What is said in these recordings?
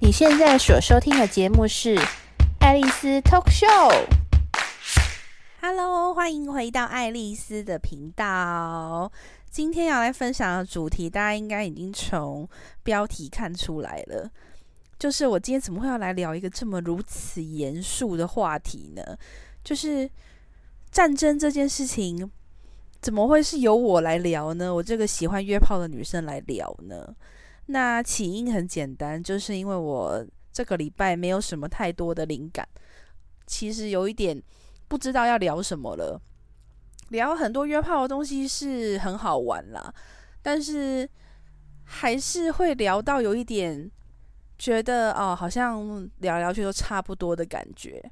你現在所收聽的節目是《愛麗絲 Talk Show》。Hello，歡迎回到愛麗絲的頻道。今天要來分享的主題，大家應該已經從標題看出來了。就是我今天怎麼會要來聊一個這麼如此嚴肅的話題呢？就是戰爭這件事情，怎麼會是由我來聊呢？我這個喜歡約炮的女生來聊呢？那起因很簡單，就是因為我這個禮拜沒有什麼太多的靈感，其實有一點不知道要聊什麼了。聊很多約炮的東西是很好玩啦，但是還是會聊到有一點覺得哦，好像聊聊去都差不多的感覺，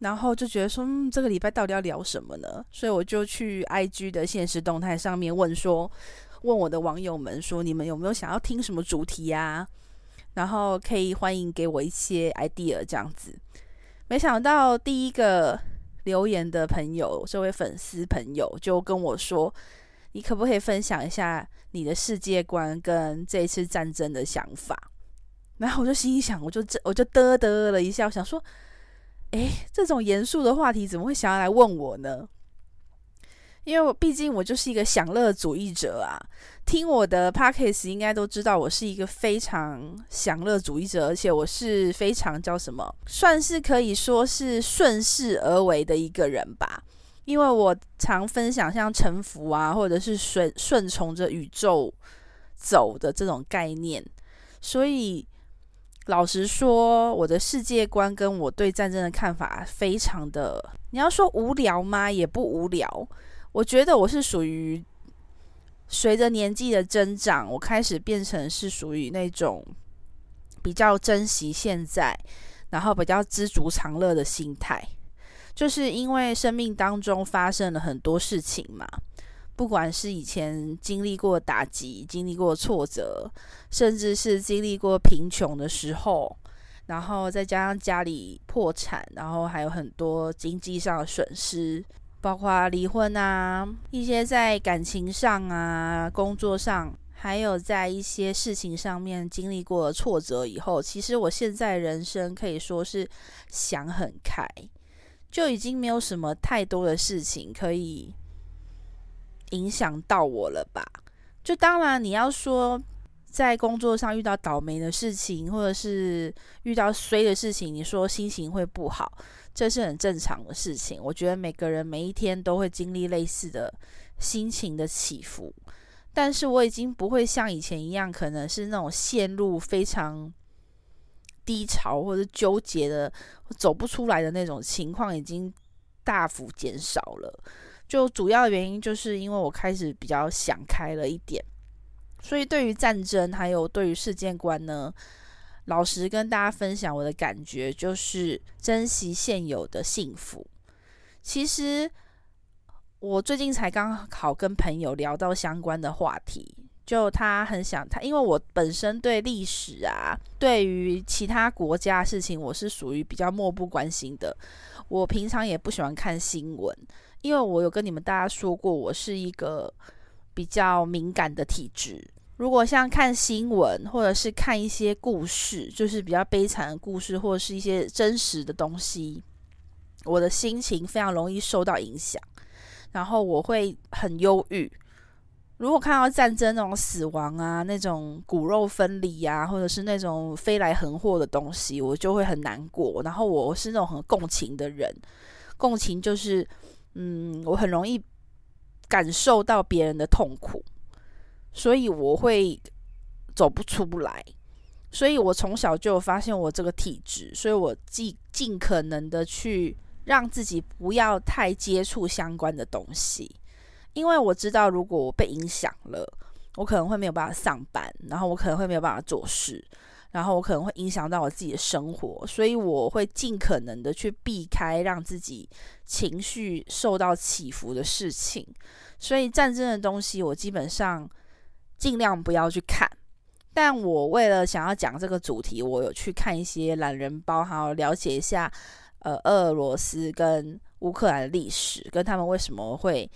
然後就覺得說，嗯，這個禮拜到底要聊什麼呢？所以我就去 IG 的限時動態上面問說。問我的網友們說：“你們有沒有想要聽什麼主題呀？然後可以歡迎給我一些 idea 這樣子。”沒想到第一個留言的朋友，這位粉絲朋友就跟我說：“你可不可以分享一下你的世界觀跟這次戰爭的想法？”然後我就心想：“我就這我就嘚嘚了一下，我想說，哎，這種嚴肅的話題怎麼會想要來問我呢？”因為我畢竟我就是一個享樂主義者啊，聽我的 podcast 應該都知道我是一個非常享樂主義者，而且我是非常叫什麼，算是可以說是順勢而為的一個人吧。因為我常分享像臣服啊，或者是順順從着宇宙走的這種概念，所以老實說，我的世界觀跟我對戰爭的看法非常的，你要說無聊嗎？也不無聊。我覺得我是屬於隨着年紀的增長，我開始變成是屬於那種比較珍惜現在，然後比較知足常樂的心態。就是因為生命當中發生了很多事情嘛，不管是以前經歷過打擊、經歷過挫折，甚至是經歷過貧窮的時候，然後再加上家裡破產，然後還有很多經濟上的損失。包括離婚啊，一些在感情上啊、工作上，還有在一些事情上面經歷過的挫折以後，其實我現在人生可以說是想很開，就已經沒有什麼太多的事情可以影響到我了吧？就當然你要說。在工作上遇到倒霉的事情，或者是遇到衰的事情，你說心情會不好，這是很正常的事情。我覺得每個人每一天都會經歷類似的心情的起伏，但是我已經不會像以前一樣，可能是那種陷入非常低潮或者糾結的、走不出來的那種情況，已經大幅減少了。就主要的原因就是因為我開始比較想開了一點。所以，對於戰爭，還有對於世界觀呢，老實跟大家分享我的感覺，就是珍惜現有的幸福。其實，我最近才剛好跟朋友聊到相關的話題，就他很想他，因為我本身對歷史啊，對於其他國家事情，我是屬於比較漠不關心的。我平常也不喜歡看新聞，因為我有跟你們大家說過，我是一個比較敏感的體質。如果像看新聞，或者是看一些故事，就是比較悲慘的故事，或者是一些真實的東西，我的心情非常容易受到影響，然後我會很憂鬱。如果看到戰爭那種死亡啊，那種骨肉分離啊，或者是那種飛來橫禍的東西，我就會很難過。然後我是那種很共情的人，共情就是，嗯，我很容易感受到別人的痛苦。所以我會走不出不來，所以我從小就發現我這個體質，所以我盡盡可能的去讓自己不要太接觸相關的東西，因為我知道如果我被影響了，我可能會沒有辦法上班，然後我可能會沒有辦法做事，然後我可能會影響到我自己的生活，所以我會盡可能的去避開讓自己情緒受到起伏的事情，所以戰爭的東西我基本上。盡量不要去看，但我為了想要講這個主題，我有去看一些懶人包，還有了解一下，呃，俄羅斯跟烏克蘭的歷史，跟他們為什麼會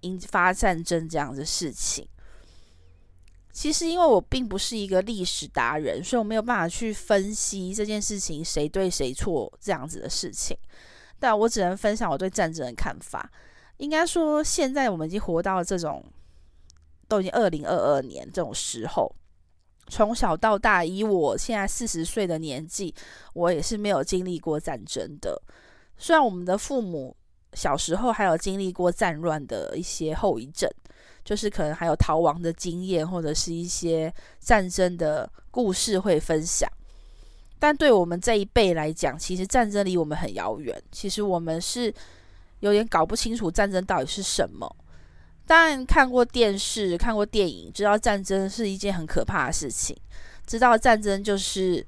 引發戰爭這樣子的事情。其實因為我並不是一個歷史達人，所以我沒有辦法去分析這件事情誰對誰錯這樣子的事情，但我只能分享我對戰爭的看法。應該說，現在我們已經活到了這種都已經二零二二年這種時候，從小到大，以我現在四十歲的年紀，我也是沒有經歷過戰爭的。雖然我們的父母小時候還有經歷過戰亂的一些後遺症，就是可能還有逃亡的經驗，或者是一些戰爭的故事會分享。但對我們這一輩來講，其實戰爭離我們很遙遠，其實我們是有點搞不清楚戰爭到底是什麼。當然看過電視，看過電影，知道戰爭是一件很可怕的事情。知道戰爭就是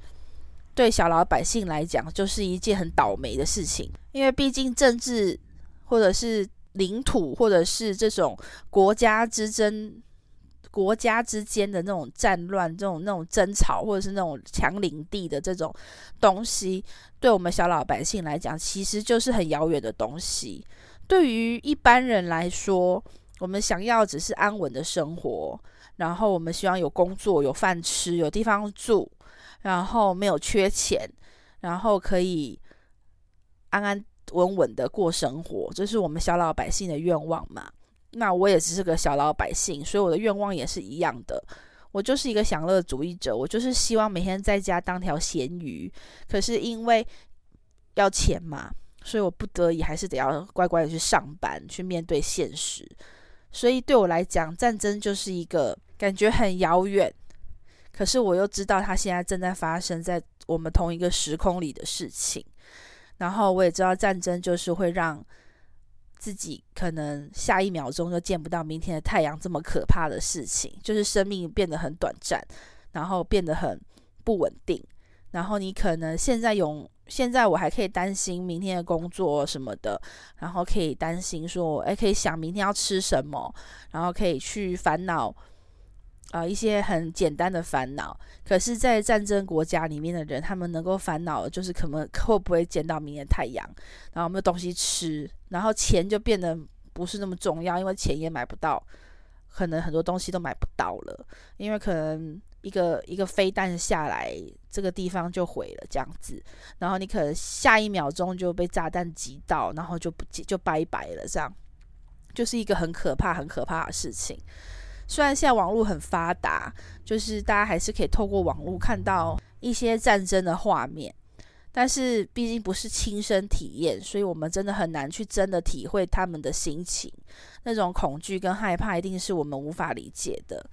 對小老百姓來講，就是一件很倒霉的事情。因為畢竟政治，或者是領土，或者是這種國家之爭、國家之間的那種戰亂、這種那種爭吵，或者是那種搶領地的這種東西，對我們小老百姓來講，其實就是很遙遠的東西。對於一般人來說，我們想要只是安穩的生活，然後我們希望有工作、有飯吃、有地方住，然後沒有缺錢，然後可以安安穩穩的過生活，這是我們小老百姓的願望嘛。那我也只是個小老百姓，所以我的願望也是一樣的。我就是一個享樂主義者，我就是希望每天在家當條鹹魚。可是因為要錢嘛，所以我不得已還是得要乖乖的去上班，去面對現實。所以對我來講，戰爭就是一個感覺很遙遠，可是我又知道它現在正在發生在我們同一個時空裡的事情。然後我也知道戰爭就是會讓自己可能下一秒鐘就見不到明天的太陽這麼可怕的事情，就是生命變得很短暫，然後變得很不穩定，然後你可能現在永。現在我還可以擔心明天的工作什麼的，然後可以擔心說，哎，可以想明天要吃什麼，然後可以去煩惱，啊、呃，一些很簡單的煩惱。可是，在戰爭國家裡面的人，他們能夠煩惱，就是可能會不會見到明天太陽，然後沒有東西吃，然後錢就變得不是那麼重要，因為錢也買不到，可能很多東西都買不到了，因為可能。一個一個飛彈下來，這個地方就毀了這樣子，然後你可能下一秒鐘就被炸彈擊到，然後就不就拜拜了，這樣就是一個很可怕、很可怕的事情。雖然現在網絡很發達，就是大家還是可以透過網絡看到一些戰爭的畫面，但是畢竟不是親身體驗，所以我們真的很難去真的體會他們的心情，那種恐懼跟害怕一定是我們無法理解的。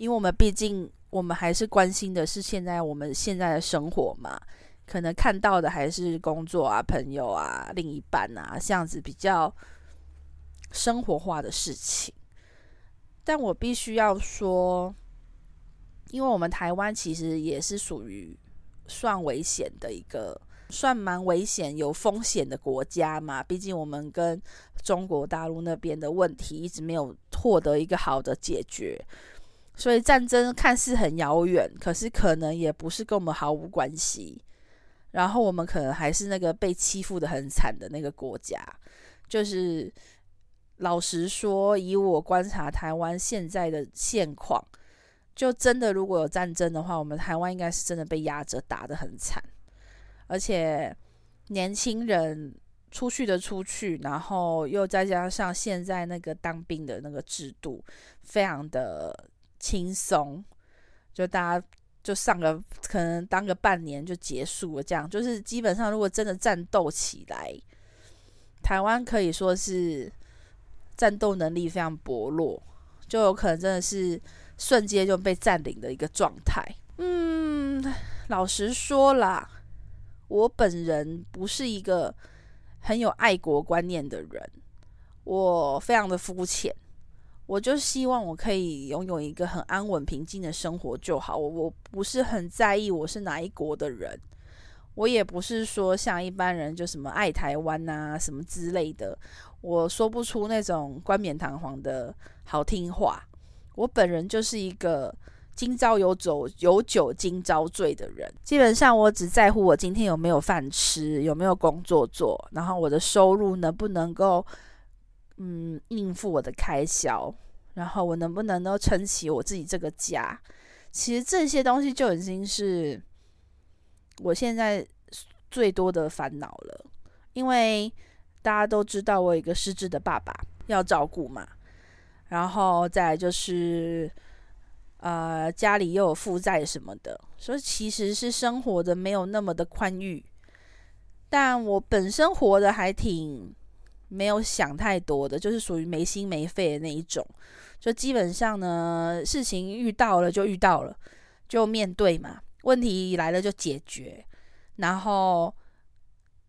因為我們畢竟，我們還是關心的是現在我們現在的生活嘛，可能看到的還是工作啊、朋友啊、另一半啊這樣子比較生活化的事情。但我必須要說，因為我們台灣其實也是屬於算危險的一個，算蠻危險、有風險的國家嘛。畢竟我們跟中國大陸那邊的問題一直沒有獲得一個好的解決。所以戰爭看似很遙遠，可是可能也不是跟我們毫無關係。然後我們可能還是那個被欺負得很慘的那個國家。就是老實說，以我觀察台灣現在的現況，就真的如果有戰爭的話，我們台灣應該是真的被壓着打得很慘。而且年輕人出去的出去，然後又再加上現在那個當兵的那個制度，非常的。輕鬆，就大家就上個可能當個半年就結束了。這樣就是基本上，如果真的戰鬥起來，台灣可以說是戰鬥能力非常薄弱，就有可能真的是瞬間就被占領的一個狀態。嗯，老實說啦，我本人不是一個很有愛國觀念的人，我非常的膚淺。我就希望我可以擁有一個很安穩平靜的生活就好。我不是很在意我是哪一國的人，我也不是說像一般人就什麼愛台灣啊什麼之類的。我說不出那種冠冕堂皇的好聽話。我本人就是一個今朝有酒有酒今朝醉的人。基本上我只在乎我今天有沒有飯吃，有沒有工作做，然後我的收入能不能夠。嗯，應付我的開銷，然後我能不能都撐起我自己這個家？其實這些東西就已經是我現在最多的煩惱了。因為大家都知道我有一個失智的爸爸要照顧嘛，然後再來就是，呃，家裡又有負債什麼的，所以其實是生活的沒有那麼的寬裕，但我本身活得還挺。沒有想太多的，就是屬於沒心沒肺的那一種，就基本上呢，事情遇到了就遇到了，就面對嘛，問題來了就解決，然後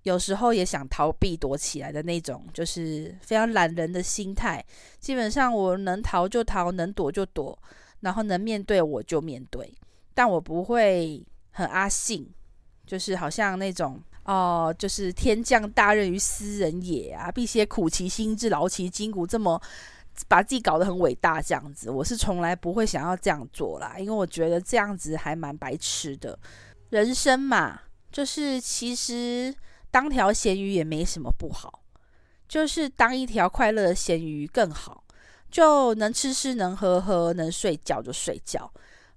有時候也想逃避躲起來的那種，就是非常懶人的心態，基本上我能逃就逃，能躲就躲，然後能面對我就面對，但我不會很阿信，就是好像那種。哦，就是天降大任於斯人也啊，必先苦其心志，勞其筋骨，這麼把自己搞得很偉大這樣子，我是從來不會想要這樣做啦，因為我覺得這樣子還蠻白痴的。人生嘛，就是其實當條鹹魚也沒什麼不好，就是當一條快樂的鹹魚更好，就能吃吃，能喝喝，能睡覺就睡覺，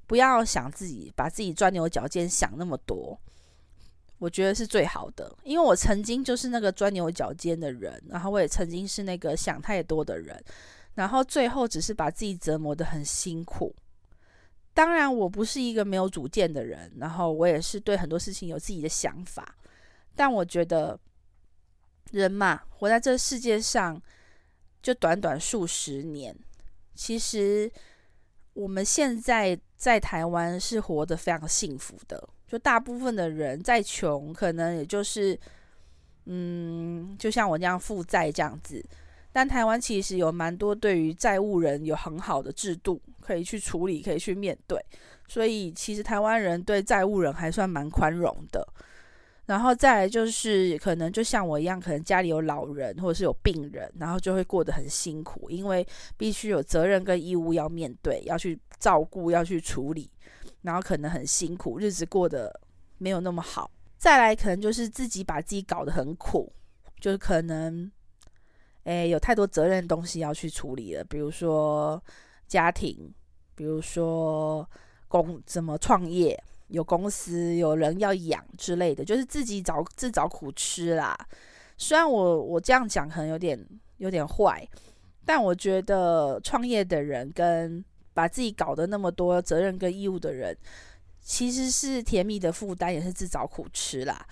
不要想自己把自己鑽牛角尖，想那麼多。我覺得是最好的，因為我曾經就是那個鑽牛角尖的人，然後我也曾經是那個想太多的人，然後最後只是把自己折磨得很辛苦。當然，我不是一個沒有主見的人，然後我也是對很多事情有自己的想法，但我覺得人嘛，活在這個世界上就短短數十年，其實我們現在在台灣是活得非常幸福的。就大部分的人再窮，可能也就是，嗯，就像我這樣負債這樣子。但台灣其實有蠻多對於債務人有很好的制度可以去處理，可以去面對。所以其實台灣人對債務人還算蠻寬容的。然後再來就是，可能就像我一樣，可能家裡有老人或者是有病人，然後就會過得很辛苦，因為必須有責任跟義務要面對，要去照顧，要去處理。然後可能很辛苦，日子過得沒有那麼好。再來，可能就是自己把自己搞得很苦，就是可能，誒、哎、有太多責任的東西要去處理了，比如說家庭，比如說公怎麼創業，有公司有人要養之類的，就是自己找自找苦吃啦。雖然我我這樣講可能有點有點壞，但我覺得創業的人跟。把自己搞得那麼多責任跟義務的人，其實是甜蜜的負擔，也是自找苦吃啦。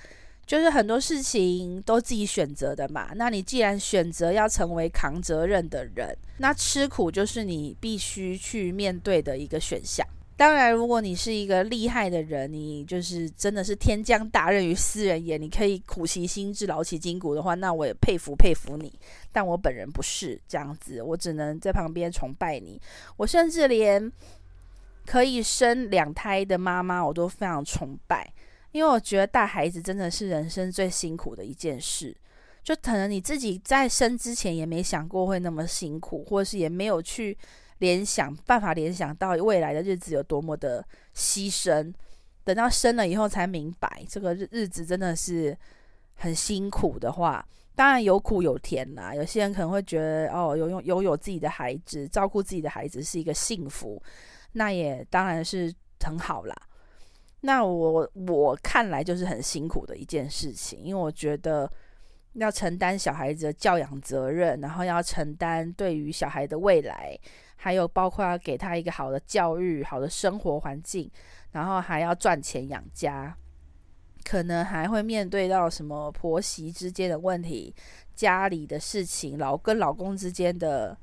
就是很多事情都自己選擇的嘛。那你既然選擇要成為扛責任的人，那吃苦就是你必須去面對的一個選項。當然，如果你是一個厲害的人，你就是真的是天降大任於斯人也，你可以苦其心志，勞其筋骨的話，那我也佩服佩服你。但我本人不是這樣子，我只能在旁邊崇拜你。我甚至連可以生兩胎的媽媽，我都非常崇拜，因為我覺得帶孩子真的是人生最辛苦的一件事。就可能你自己在生之前也沒想過會那麼辛苦，或是也沒有去。聯想辦法聯想到未來的日子有多麼的犧牲，等到生了以後才明白這個日、日子真的是很辛苦的話，當然有苦有甜啦。有些人可能會覺得哦，擁有擁有、有、有自己的孩子，照顧自己的孩子是一個幸福，那也當然是很好啦。那我我看來就是很辛苦的一件事情，因為我覺得要承擔小孩子的教養責任，然後要承擔對於小孩的未來，還有包括要給他一個好的教育、好的生活環境，然後還要賺錢養家，可能還會面對到什麼婆媳之間的問題、家裡的事情、老跟老公之間的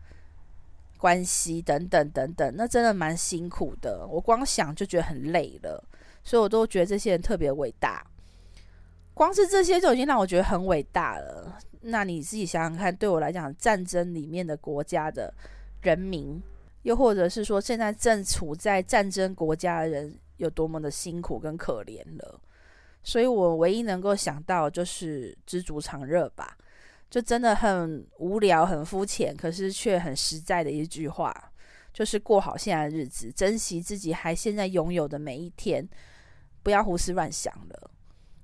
關係等等等等。那真的蠻辛苦的，我光想就覺得很累了，所以我都覺得這些人特別偉大。光是這些就已經讓我覺得很偉大了。那你自己想想看，對我來講，戰爭裡面的國家的。人民，又或者是說，現在正處在戰爭國家的人有多麼的辛苦跟可憐了，所以我唯一能夠想到就是知足常樂吧，就真的很無聊、很膚淺，可是卻很實在的一句話，就是過好現在的日子，珍惜自己還現在擁有的每一天，不要胡思亂想了，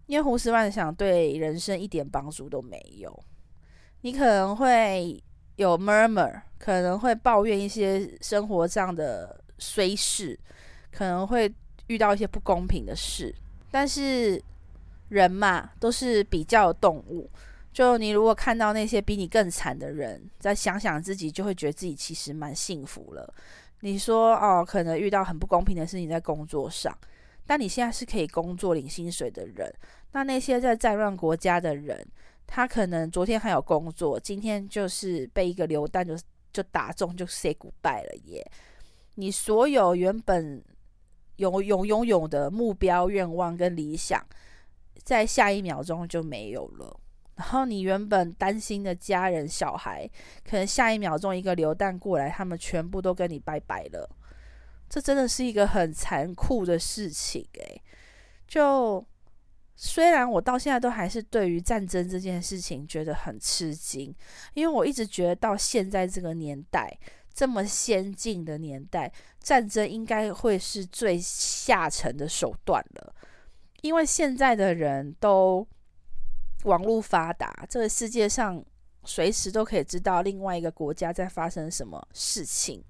因為胡思亂想對人生一點幫助都沒有，你可能會。有 murmur 可能會抱怨一些生活上的衰事，可能會遇到一些不公平的事，但是人嘛都是比較動物，就你如果看到那些比你更慘的人，再想想自己就會覺得自己其實蠻幸福了。你說哦，可能遇到很不公平的事情在工作上，但你現在是可以工作領薪水的人，那那些在戰亂國家的人。他可能昨天還有工作，今天就是被一個榴彈就就打中，就 say goodbye 了耶！你所有原本有有擁有有的目標、願望跟理想，在下一秒鐘就沒有了。然後你原本擔心的家人、小孩，可能下一秒鐘一個榴彈過來，他們全部都跟你拜拜了。這真的是一個很殘酷的事情誒，就。雖然我到現在都還是對於戰爭這件事情覺得很吃驚，因為我一直覺得到現在這個年代這麼先進的年代，戰爭應該會是最下層的手段了。因為現在的人都網絡發達，這個世界上隨時都可以知道另外一個國家在發生什麼事情，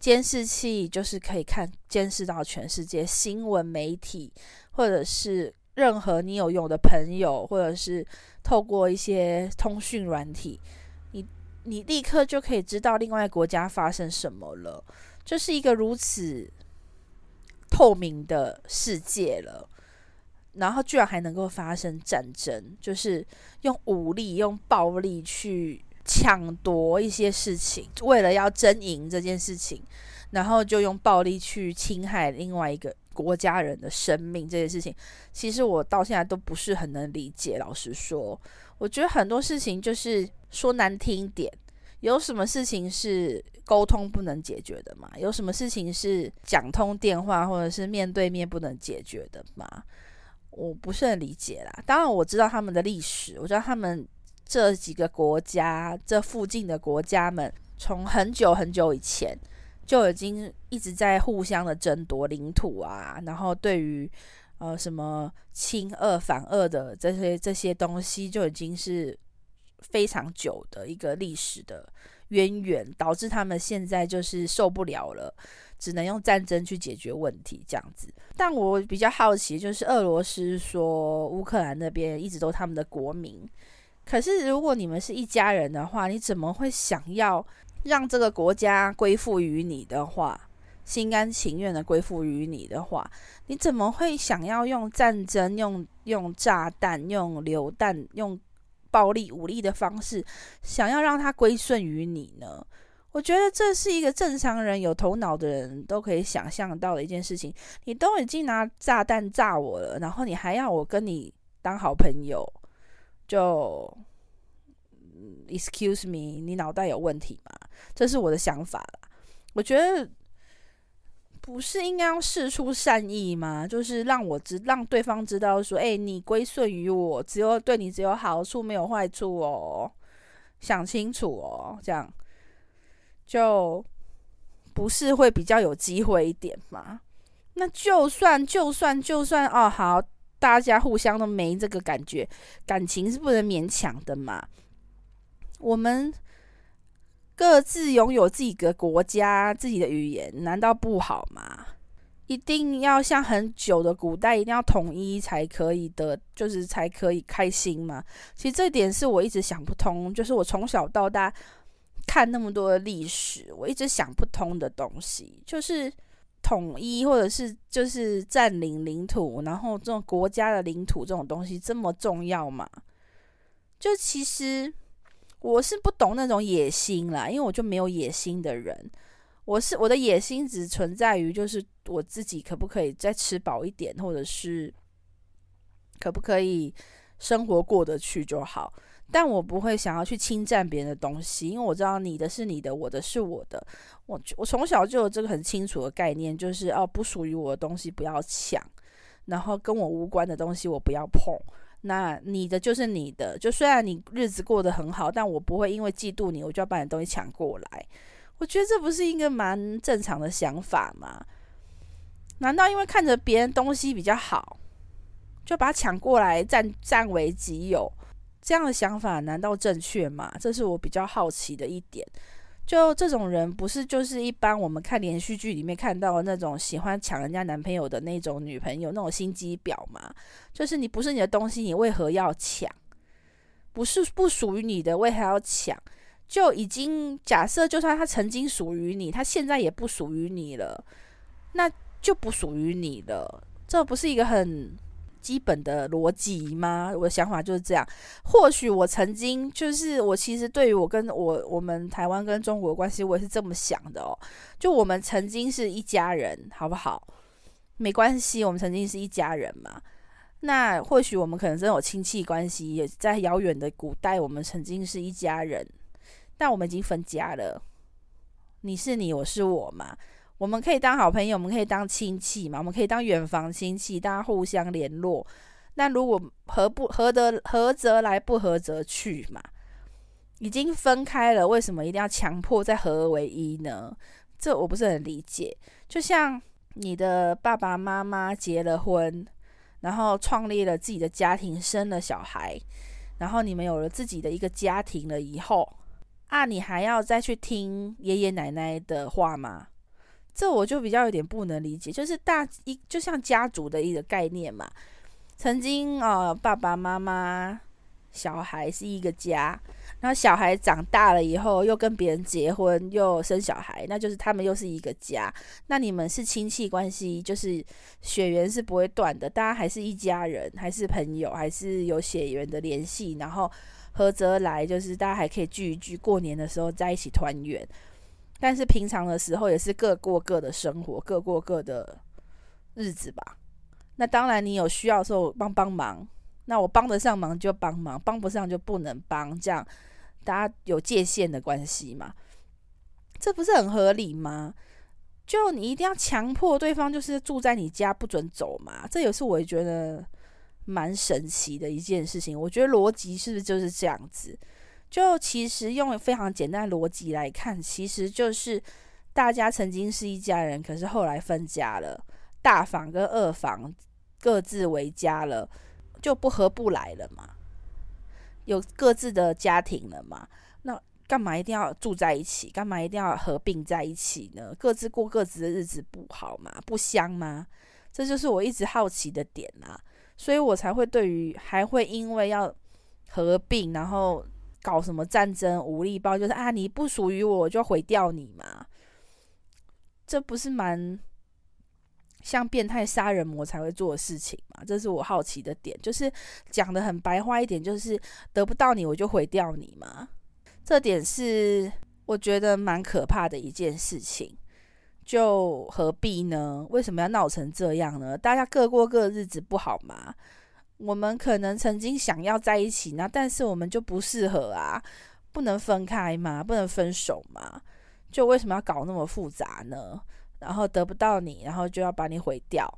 監視器就是可以看監視到全世界新聞媒體或者是。任何你有用的朋友，或者是透過一些通訊軟體，你你立刻就可以知道另外一個國家發生什麼了，就是一個如此透明的世界了。然後居然還能夠發生戰爭，就是用武力、用暴力去搶奪一些事情，為了要爭贏這件事情，然後就用暴力去侵害另外一個。國家人的生命這些事情，其實我到現在都不是很能理解。老實說，我覺得很多事情就是說難聽點，有什麼事情是溝通不能解決的嘛？有什麼事情是講通電話或者是面對面不能解決的嘛？我不是很理解啦。當然，我知道他們的歷史，我知道他們這幾個國家這附近的國家們，從很久很久以前。就已經一直在互相的爭奪領土啊，然後對於呃什麼親俄反俄的這些這些東西，就已經是非常久的一個歷史的淵源，導致他們現在就是受不了了，只能用戰爭去解決問題這樣子。但我比較好奇，就是俄羅斯說烏克蘭那邊一直都他們的國民，可是如果你們是一家人的話，你怎麼會想要？讓這個國家歸附於你的話，心甘情願的歸附於你的話，你怎麼會想要用戰爭、用用炸彈、用榴彈、用暴力武力的方式，想要讓他歸順於你呢？我覺得這是一個正常人、有頭腦的人都可以想象到的一件事情。你都已經拿炸彈炸我了，然後你還要我跟你當好朋友，就…… Excuse me，你腦袋有問題嗎？這是我的想法啦。我覺得不是應該要釋出善意嗎？就是讓我知，讓對方知道說，誒，你歸順於我，只有對你只有好處，沒有壞處哦。想清楚哦，這樣就不是會比較有機會一點嗎？那就算就算就算，就算哦，好，大家互相都沒這個感覺，感情是不能勉強的嘛。我們各自擁有自己的國家、自己的語言，難道不好嗎？一定要像很久的古代，一定要統一才可以的，就是才可以開心嗎？其實這點是我一直想不通，就是我從小到大看那麼多的歷史，我一直想不通的東西，就是統一或者是就是佔領領土，然後這種國家的領土這種東西這麼重要嗎？就其實。我是不懂那種野心啦，因為我就沒有野心的人。我是我的野心只存在於就是我自己可不可以再吃飽一點，或者是可不可以生活過得去就好。但我不會想要去侵占別人的東西，因為我知道你的是你的，我的是我的。我我從小就有這個很清楚的概念，就是哦、啊，不屬於我的東西不要搶，然後跟我無關的東西我不要碰。那你的就是你的，就雖然你日子過得很好，但我不會因為嫉妒你，我就要把你的東西搶過來。我覺得這不是一個蠻正常的想法嗎？難道因為看着別人東西比較好，就把它搶過來占占為己有？這樣的想法難道正確嗎？這是我比較好奇的一點。就這種人，不是就是，一般我們看連續劇裡面看到的那種喜歡搶人家男朋友的那種女朋友，那種心機婊嘛？就是你不是你的東西，你為何要搶？不是，不屬於你的，為何要搶？就已經假設，就算他曾經屬於你，他現在也不屬於你了，那就不屬於你了。這不是一個很。基本的邏輯嗎？我的想法就是這樣。或許我曾經就是我，其實對於我跟我我們台灣跟中國的關係，我也是這麼想的哦。就我們曾經是一家人，好不好？沒關係，我們曾經是一家人嘛。那或許我們可能真的有親戚關係，也在遙遠的古代，我們曾經是一家人，但我們已經分家了。你是你，我是我嘛。我們可以當好朋友，我們可以當親戚嘛？我們可以當遠房親戚，大家互相聯絡。那如果合不合得合則來，不合則去嘛？已經分開了，為什麼一定要強迫再合而為一呢？這我不是很理解。就像你的爸爸媽媽結了婚，然後創立了自己的家庭，生了小孩，然後你們有了自己的一個家庭了以後啊，你還要再去聽爺爺奶奶的話嗎？這我就比較有點不能理解，就是大一，就像家族的一個概念嘛，曾經啊、哦、爸爸媽媽小孩是一個家，然後小孩長大了以後又跟別人結婚又生小孩，那就是他們又是一個家。那你們是親戚關係，就是血緣是不會斷的，大家還是一家人，還是朋友，還是有血緣的聯繫，然後合則來，就是大家還可以聚一聚，過年的時候在一起團圓。但是平常的時候也是各過各的生活，各過各的日子吧。那當然，你有需要的時候幫幫忙，那我幫得上忙就幫忙，幫不上就不能幫，這樣大家有界限的關係嘛？這不是很合理嗎？就你一定要強迫對方就是住在你家不准走嘛？這也是我覺得蠻神奇的一件事情。我覺得邏輯是不是就是這樣子？就其實用非常簡單的邏輯來看，其實就是大家曾經是一家人，可是後來分家了，大房跟二房各自為家了，就不合不來了嘛，有各自的家庭了嘛，那幹嘛一定要住在一起？幹嘛一定要合併在一起呢？各自過各自的日子不好嗎？不香嗎？這就是我一直好奇的點啊，所以我才會對於還會因為要合併，然後。搞什麼戰爭武力包？就是啊，你不屬於我，我就毀掉你嘛。這不是蠻像變態殺人魔才會做的事情嗎？這是我好奇的點，就是講得很白話一點，就是得不到你，我就毀掉你嘛。這點是我覺得蠻可怕的一件事情，就何必呢？為什麼要鬧成這樣呢？大家各過各日子不好嘛。我們可能曾經想要在一起，那但是我們就不適合啊，不能分開嘛，不能分手嘛，就為什麼要搞那麼複雜呢？然後得不到你，然後就要把你毀掉，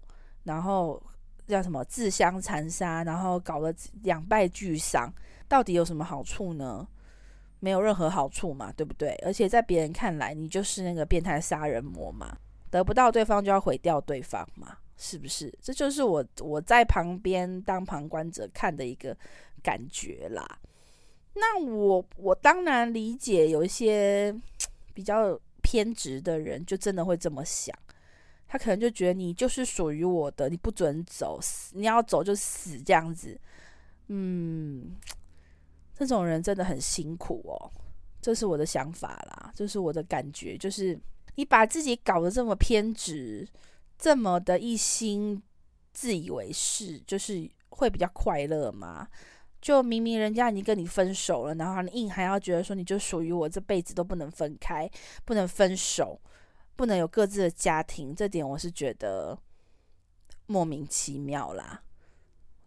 然後叫什麼自相殘殺，然後搞了兩敗俱傷，到底有什麼好處呢？沒有任何好處嘛，對不對？而且在別人看來，你就是那個變態殺人魔嘛，得不到對方就要毀掉對方嘛。是不是？這就是我我在旁邊當旁觀者看的一個感覺啦。那我我當然理解，有一些比較偏執的人就真的會這麼想。他可能就覺得你就是屬於我的，你不准走，你要走就死這樣子。嗯，這種人真的很辛苦哦。這是我的想法啦，這是我的感覺，就是你把自己搞得這麼偏執。這麼的一心自以為是，就是會比較快樂嗎？就明明人家已經跟你分手了，然後你硬還要覺得說你就屬於我，這輩子都不能分開，不能分手，不能有各自的家庭，這點我是覺得莫名其妙啦。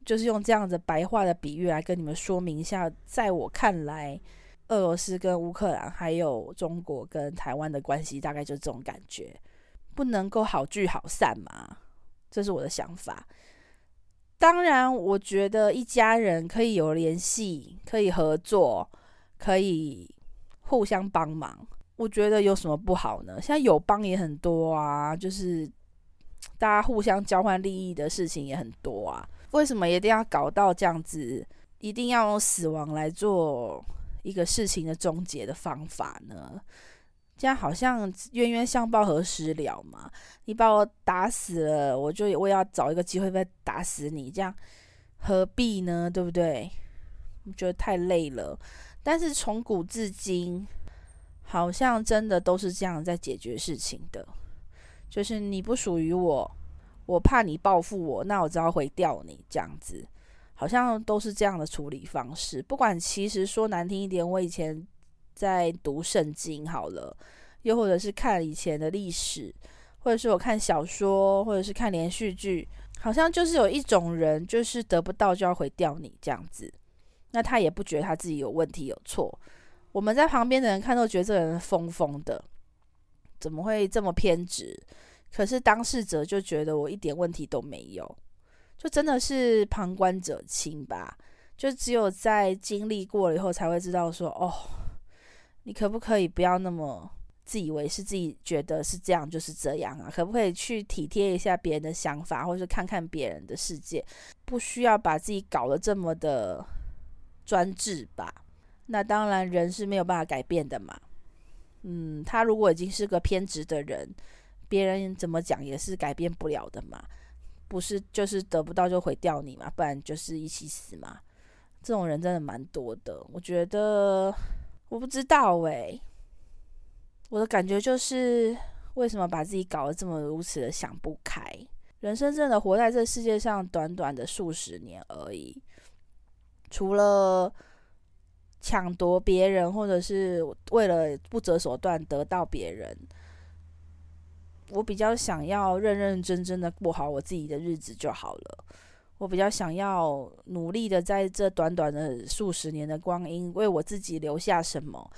就是用這樣子白話的比喻來跟你們說明一下，在我看來，俄羅斯跟烏克蘭，還有中國跟台灣的關係，大概就是這種感覺。不能夠好聚好散嘛，這是我的想法。當然，我覺得一家人可以有聯繫，可以合作，可以互相幫忙。我覺得有什麼不好呢？現在友邦也很多啊，就是大家互相交換利益的事情也很多啊。為什麼一定要搞到這樣子？一定要用死亡來做一個事情的終結的方法呢？現在好像冤冤相報何時了嘛？你把我打死了，我就我也要找一個機會再打死你，這樣何必呢？對不對？我覺得太累了。但是從古至今，好像真的都是這樣在解決事情的，就是你不屬於我，我怕你報復我，那我只好毀掉你。這樣子好像都是這樣的處理方式。不管其實說難聽一點，我以前。在讀聖經好了，又或者是看以前的歷史，或者是我看小說，或者是看連續劇，好像就是有一種人，就是得不到就要毀掉你這樣子。那他也不覺得他自己有問題有錯。我們在旁邊的人看都覺得這個人瘋瘋的，怎麼會這麼偏執？可是當事者就覺得我一點問題都沒有，就真的是旁觀者清吧？就只有在經歷過了以後才會知道說，哦。你可不可以不要那麼自以為是，自己覺得是這樣就是這樣啊？可不可以去體貼一下別人的想法，或者是看看別人的世界？不需要把自己搞得這麼的專制吧？那當然，人是沒有辦法改變的嘛。嗯，他如果已經是個偏執的人，別人怎麼講也是改變不了的嘛。不是就是得不到就毀掉你嘛？不然就是一起死嘛？這種人真的蠻多的，我覺得。我不知道哎、欸，我的感覺就是，為什麼把自己搞得這麼如此的想不開？人生真的活在這世界上短短的數十年而已，除了搶奪別人，或者是為了不擇手段得到別人，我比較想要認認真真的過好我自己的日子就好了。我比較想要努力的，在這短短的數十年的光陰，為我自己留下什麼，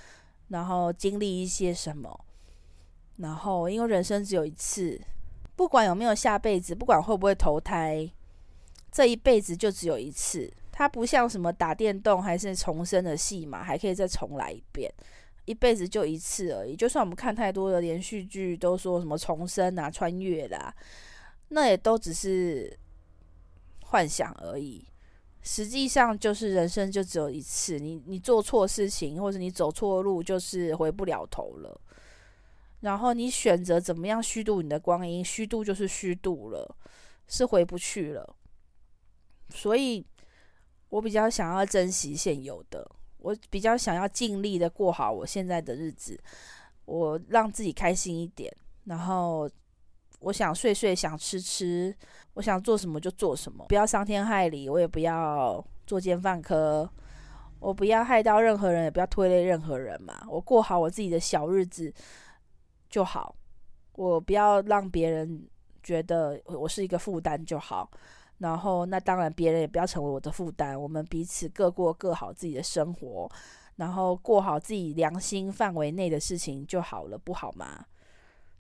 然後經歷一些什麼，然後因為人生只有一次，不管有沒有下輩子，不管會不會投胎，這一輩子就只有一次。它不像什麼打電動還是重生的戲碼，還可以再重來一遍，一輩子就一次而已。就算我們看太多的連續劇，都說什麼重生啊、穿越啦、啊，那也都只是。幻想而已，實際上就是人生就只有一次。你你做錯事情，或者你走錯路，就是回不了頭了。然後你選擇怎麼樣虛度你的光陰，虛度就是虛度了，是回不去了。所以，我比較想要珍惜現有的，我比較想要盡力的過好我現在的日子，我讓自己開心一點，然後。我想睡睡，想吃吃，我想做什麼就做什麼，不要傷天害理，我也不要作奸犯科，我不要害到任何人，也不要拖累任何人嘛。我過好我自己的小日子就好，我不要讓別人覺得我是一個負擔就好。然後那當然，別人也不要成為我的負擔，我們彼此各過各好自己的生活，然後過好自己良心範圍內的事情就好了，不好嗎？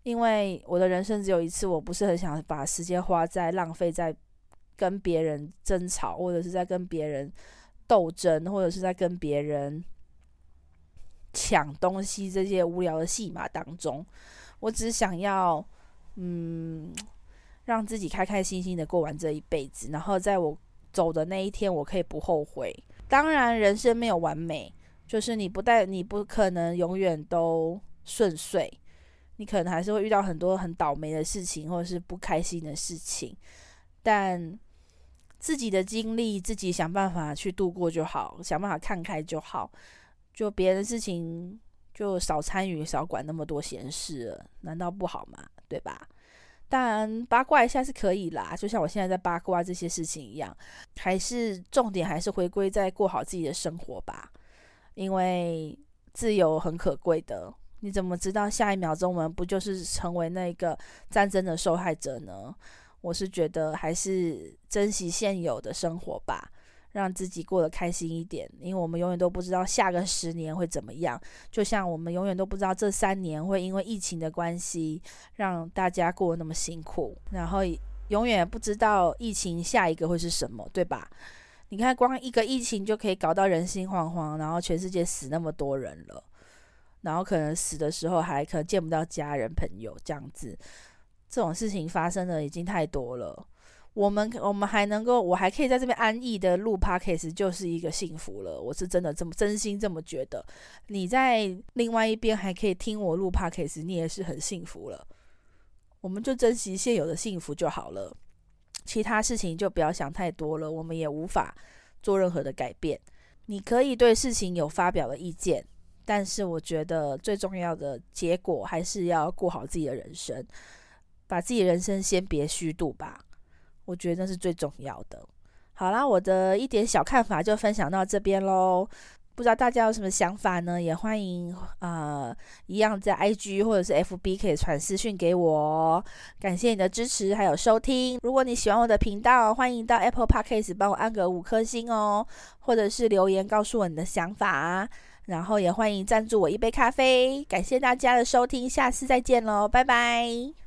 因為我的人生只有一次，我不是很想把時間花在浪費在跟別人爭吵，或者是在跟別人鬥爭，或者是在跟別人搶東西這些無聊的戲碼當中。我只想要，嗯，讓自己開開心心的過完這一輩子，然後在我走的那一天，我可以不後悔。當然，人生沒有完美，就是你不但，你不可能永遠都順遂。你可能還是會遇到很多很倒霉的事情，或者是不開心的事情，但自己的經歷自己想辦法去度過就好，想辦法看開就好。就別的事情就少參與，少管那麼多閒事了，難道不好嗎？對吧？當然八卦一下是可以啦，就像我現在在八卦這些事情一樣。還是重點還是回歸在過好自己的生活吧，因為自由很可貴的。你怎麼知道下一秒鐘我們不就是成為那個戰爭的受害者呢？我是覺得還是珍惜現有的生活吧，讓自己過得開心一點，因為我們永遠都不知道下個十年會怎麼樣。就像我們永遠都不知道這三年會因為疫情的關係讓大家過得那麼辛苦，然後永遠不知道疫情下一個會是什麼，對吧？你看，光一個疫情就可以搞到人心惶惶，然後全世界死那麼多人了。然後可能死的時候還可能見不到家人朋友這樣子，這種事情發生的已經太多了。我們我們還能夠，我還可以在這邊安逸的錄 podcast，就是一個幸福了。我是真的這麼真心這麼覺得。你在另外一邊還可以聽我錄 podcast，你也是很幸福了。我們就珍惜現有的幸福就好了，其他事情就不要想太多了。我們也無法做任何的改變。你可以對事情有發表的意見。但是我覺得最重要的結果還是要過好自己的人生，把自己人生先別虛度吧，我覺得那是最重要的。好啦，我的一點小看法就分享到這邊嘍，不知道大家有什麼想法呢？也歡迎啊，呃，一樣在 IG 或者是 FB 可以傳私訊給我哦。感謝你的支持還有收聽，如果你喜歡我的頻道，歡迎到 Apple Podcast 幫我按個五顆星哦，或者是留言告訴我你的想法。然後也歡迎贊助我一杯咖啡，感謝大家的收聽，下次再見嘍，拜拜。